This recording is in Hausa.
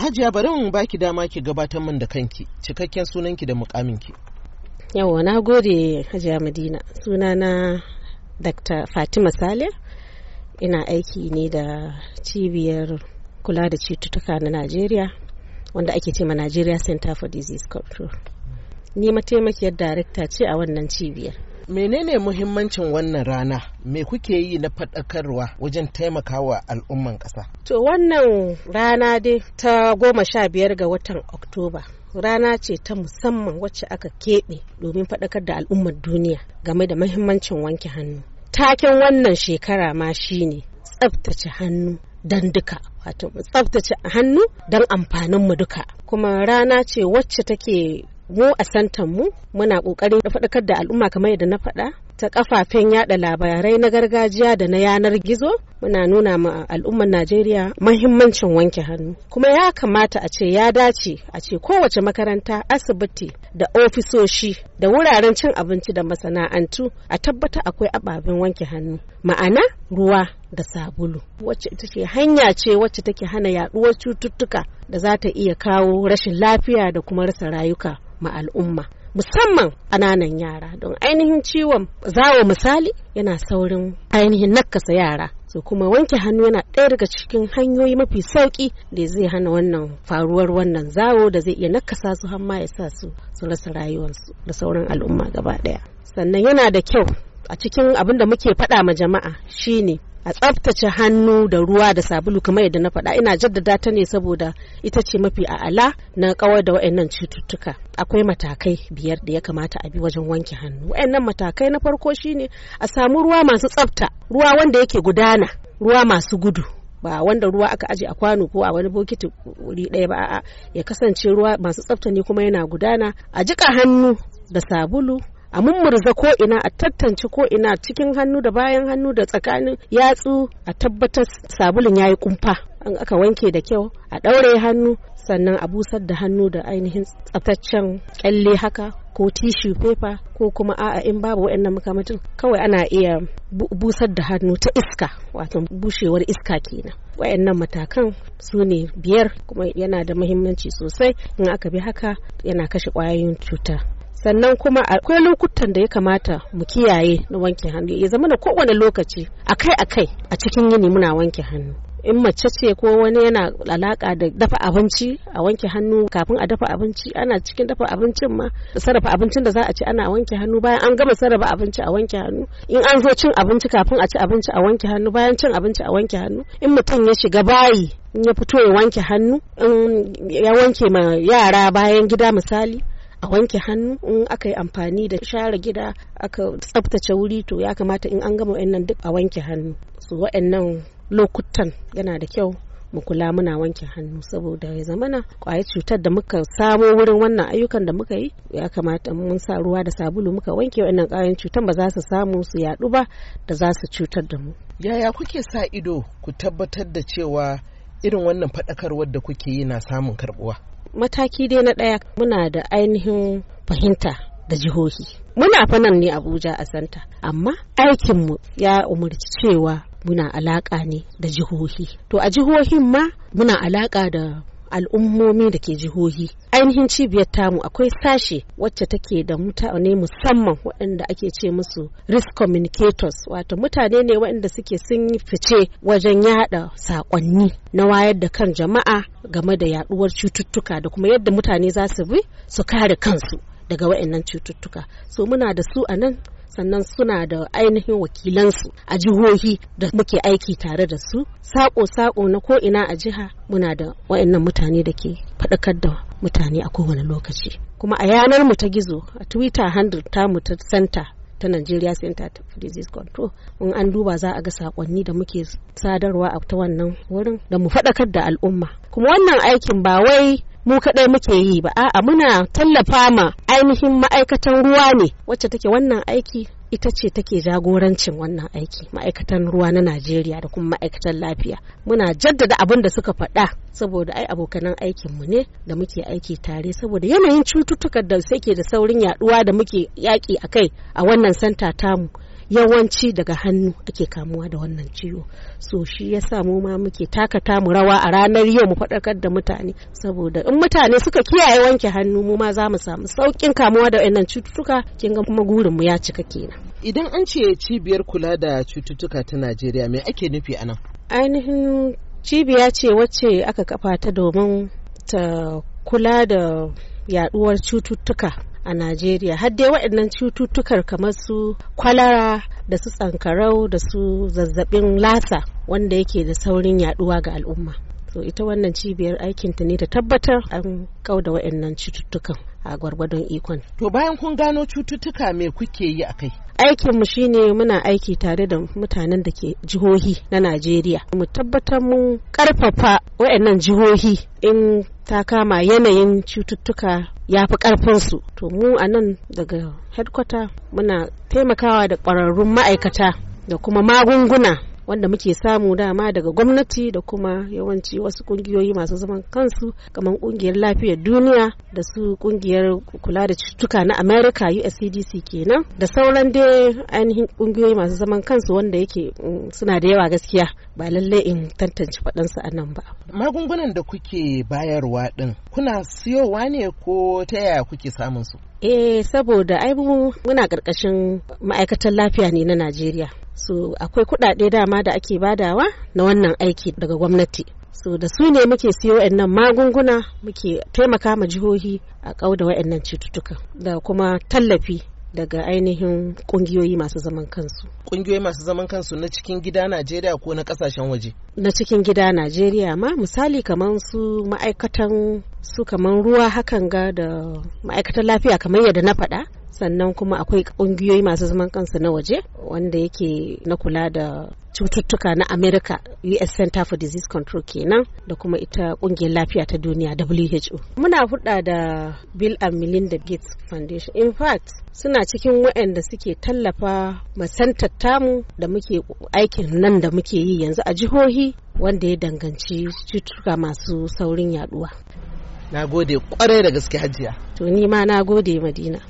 Hajiya bari mun baki dama ki gabatar min da kanki, cikakken sunanki da mukaminki. Yawwa na gode Hajiya Madina. Sunana Dr. Fatima Sale. Ina aiki ne da cibiyar kula da cututtuka na Najeriya wanda ake ce ma Nigeria Center for Disease Control. Ni mataimakiyar darekta ce a wannan cibiyar. menene muhimmancin wannan rana me kuke yi na faɗakarwa wajen taimakawa al'umman ƙasa to wannan rana dai ta goma sha biyar ga watan oktoba rana ce ta musamman wacce aka keɓe domin faɗakar da al'ummar duniya game da muhimmancin wanke hannu taken wannan shekara ma shine Tsaftace hannu don duka wato tsabtace hannu don mu duka kuma rana ce wacce take mu a santan mu muna kokarin faɗakar da al'umma kamar yadda na faɗa ta kafafen yada labarai na gargajiya da na yanar gizo muna nuna ma al'ummar Najeriya mahimmancin wanke hannu kuma ya kamata a ce ya dace a ce kowace makaranta asibiti da ofisoshi da wuraren cin abinci da masana'antu a tabbata akwai ababen wanke hannu ma'ana ruwa da sabulu wacce ita ce hanya ce wacce take hana yaduwar cututtuka da za ta iya kawo rashin lafiya da kuma rasa rayuka ma al'umma musamman ƙananan yara don ainihin ciwon zawo misali yana saurin ainihin nakasa yara so kuma wanke hannu yana ɗaya daga cikin hanyoyi mafi sauƙi da zai hana wannan faruwar wannan zawo da zai iya nakasa su har ma ya sa su su rasa rayuwarsu da sauran al'umma gaba ɗaya sannan yana da kyau a cikin abin da muke faɗa ma jama'a shine a tsaftace hannu da ruwa da sabulu kamar yadda na faɗa ina jaddada ta ne saboda ita ce mafi a'ala na kawar da wayannan cututtuka akwai matakai biyar da ya kamata a bi wajen wanke hannu wayannan matakai na farko shine a samu ruwa masu tsafta ruwa wanda yake gudana ruwa masu gudu ba wanda ruwa aka aje a kwano ko a wani bokiti wuri ɗaya ba a'a ya kasance ruwa masu tsafta ne kuma yana gudana a jika hannu da sabulu a mummurza ko ina a tattance ko ina cikin hannu da bayan hannu da tsakanin yatsu a tabbatar sabulun yayi kumfa an aka wanke da kyau a ɗaure hannu sannan a busar da hannu da ainihin tsaftaccen kyalle haka ko tishu fefa ko kuma a'a in babu waɗannan makamatin kawai ana iya busar da hannu ta iska wato bushewar iska kenan waɗannan matakan su ne biyar kuma yana da muhimmanci sosai in aka bi haka yana kashe kwayoyin cuta sannan kuma akwai lokutan da ya kamata mu kiyaye na wanke hannu ya zama na kowane lokaci akai akai a cikin yini muna wanke hannu in mace ce ko wani yana alaka da dafa abinci a wanke hannu kafin a dafa abinci ana cikin dafa abincin ma sarrafa abincin da za a ci ana wanke hannu bayan an gama sarrafa abinci a wanke hannu in an zo cin abinci kafin a ci abinci a wanke hannu bayan cin abinci a wanke hannu in mutum ya shiga bayi ya fito ya wanke hannu in ya wanke ma yara bayan gida misali a wanke hannu in aka yi amfani da share gida aka tsabtace wuri to ya kamata in an gama wa'annan duk a wanke hannu su wa'annan lokutan yana da kyau mu kula muna wanke hannu saboda ya zamana kwayar cutar da muka samo wurin wannan ayyukan da muka yi ya kamata mun sa ruwa da sabulu muka wanke nan kwayoyin cutar ba za su samu su yaɗu ba da za su cutar da mu yaya kuke sa ido ku tabbatar da cewa irin wannan faɗakarwar da kuke yi na samun karbuwa mataki dai na ɗaya muna da ainihin fahimta da jihohi muna fanan ne abuja a santa amma aikinmu ya umarci cewa muna alaƙa ne da jihohi to a jihohin ma muna alaƙa da al'ummomi da ke jihohi ainihin cibiyar tamu akwai sashe wacce take da mutane musamman waɗanda ake ce musu risk communicators wato mutane ne waɗanda suke sun yi fice wajen yada saƙonni na wayar da kan jama'a game da yaduwar cututtuka da kuma yadda mutane za su bi su kare kansu daga waɗannan cututtuka so muna da su a nan sannan suna da ainihin wakilansu a jihohi da muke aiki tare da su sako-sako na ko ina a jiha muna da wayannan mutane da ke faɗakar da mutane a kowane lokaci kuma a yanar mu ta gizo a twitter handle tamu ta center ta Nigeria Center for Disease Control in an duba za a ga sakonni da muke sadarwa a ta wannan wurin da mu faɗakar da al'umma kuma wannan aikin ba wai mu kaɗai muke yi ba a'a muna tallafa ma ainihin ma'aikatan ruwa ne wacce take wannan aiki ita ce take jagorancin wannan aiki ma'aikatan ruwa na najeriya da kuma ma'aikatan lafiya muna jaddada abin da suka faɗa saboda ai abokanan mu ne da muke aiki tare saboda yanayin cututtukan da suke da saurin yaduwa da muke yaƙi a kai a wannan santa tamu yawanci daga hannu ake kamuwa da wannan ciwo so shi ya sa ma muke takata mu rawa a ranar yau mu faɗakar da mutane saboda in mutane suka kiyaye wanke hannu mu ma za mu samu sauƙin kamuwa da wannan cututtuka kin ga kuma gurin mu ya cika kenan idan an ce cibiyar kula da cututtuka ta Najeriya me ake nufi anan ainihin cibiya ce wacce aka kafa ta domin ta kula da yaduwar cututtuka a Najeriya har dai waɗannan cututtukar kamar su kwalara da su tsankarau da su zazzabin lasa wanda yake da saurin yaduwa ga al'umma. So ita wannan cibiyar aikinta ne ta tabbatar an kauda waɗannan cututtukan a gwargwadon ikon. To bayan kun gano cututtuka me kuke yi a kai? aikinmu shine muna aiki tare da mutanen da ke jihohi na najeriya mu tabbatar mun karfafa wayannan jihohi in ta kama yanayin cututtuka ya fi karfinsu to mu a nan daga headquarter muna taimakawa da ƙwararrun ma'aikata da kuma magunguna wanda muke samu dama daga gwamnati da kuma yawanci wasu kungiyoyi masu zaman kansu kamar kungiyar lafiyar duniya da su kungiyar kula da cututtuka na america uscdc kenan da sauran dai ainihin kungiyoyi masu zaman kansu wanda yake mm, suna da yawa gaskiya ba lallai in tantance faɗansu a nan ba magungunan da kuke bayarwa din kuna siyowa ne ko ta yaya kuke samun su eh saboda ai mu muna karkashin ma'aikatan lafiya ne na Najeriya so akwai kuɗaɗe dama da ake badawa na wannan aiki daga gwamnati so da su ne muke siyo wa'annan magunguna muke taimaka ma jihohi a kauda wa'annan cututtuka da kuma tallafi daga ainihin kungiyoyi masu zaman kansu. Kungiyoyi masu zaman kansu na cikin gida Najeriya ko na kasashen waje? Na cikin gida Najeriya ma misali kamar su ma'aikatan su kamar ruwa hakan ga da ma'aikatan lafiya kamar yadda na faɗa. Sannan kuma akwai kungiyoyi masu zaman kansu na waje wanda yake na kula da cututtuka na America US Center for Disease Control kenan da kuma ita kungiyar lafiya ta duniya WHO. Muna hudda da Bill and Melinda Gates Foundation. In fact, suna cikin waɗanda suke tallafa masantar tamu da muke aikin nan da muke yi yanzu a jihohi wanda ya danganci cututtuka masu saurin yaduwa. Na gode kwarai da gaske hajiya. To ni ma na gode Madina.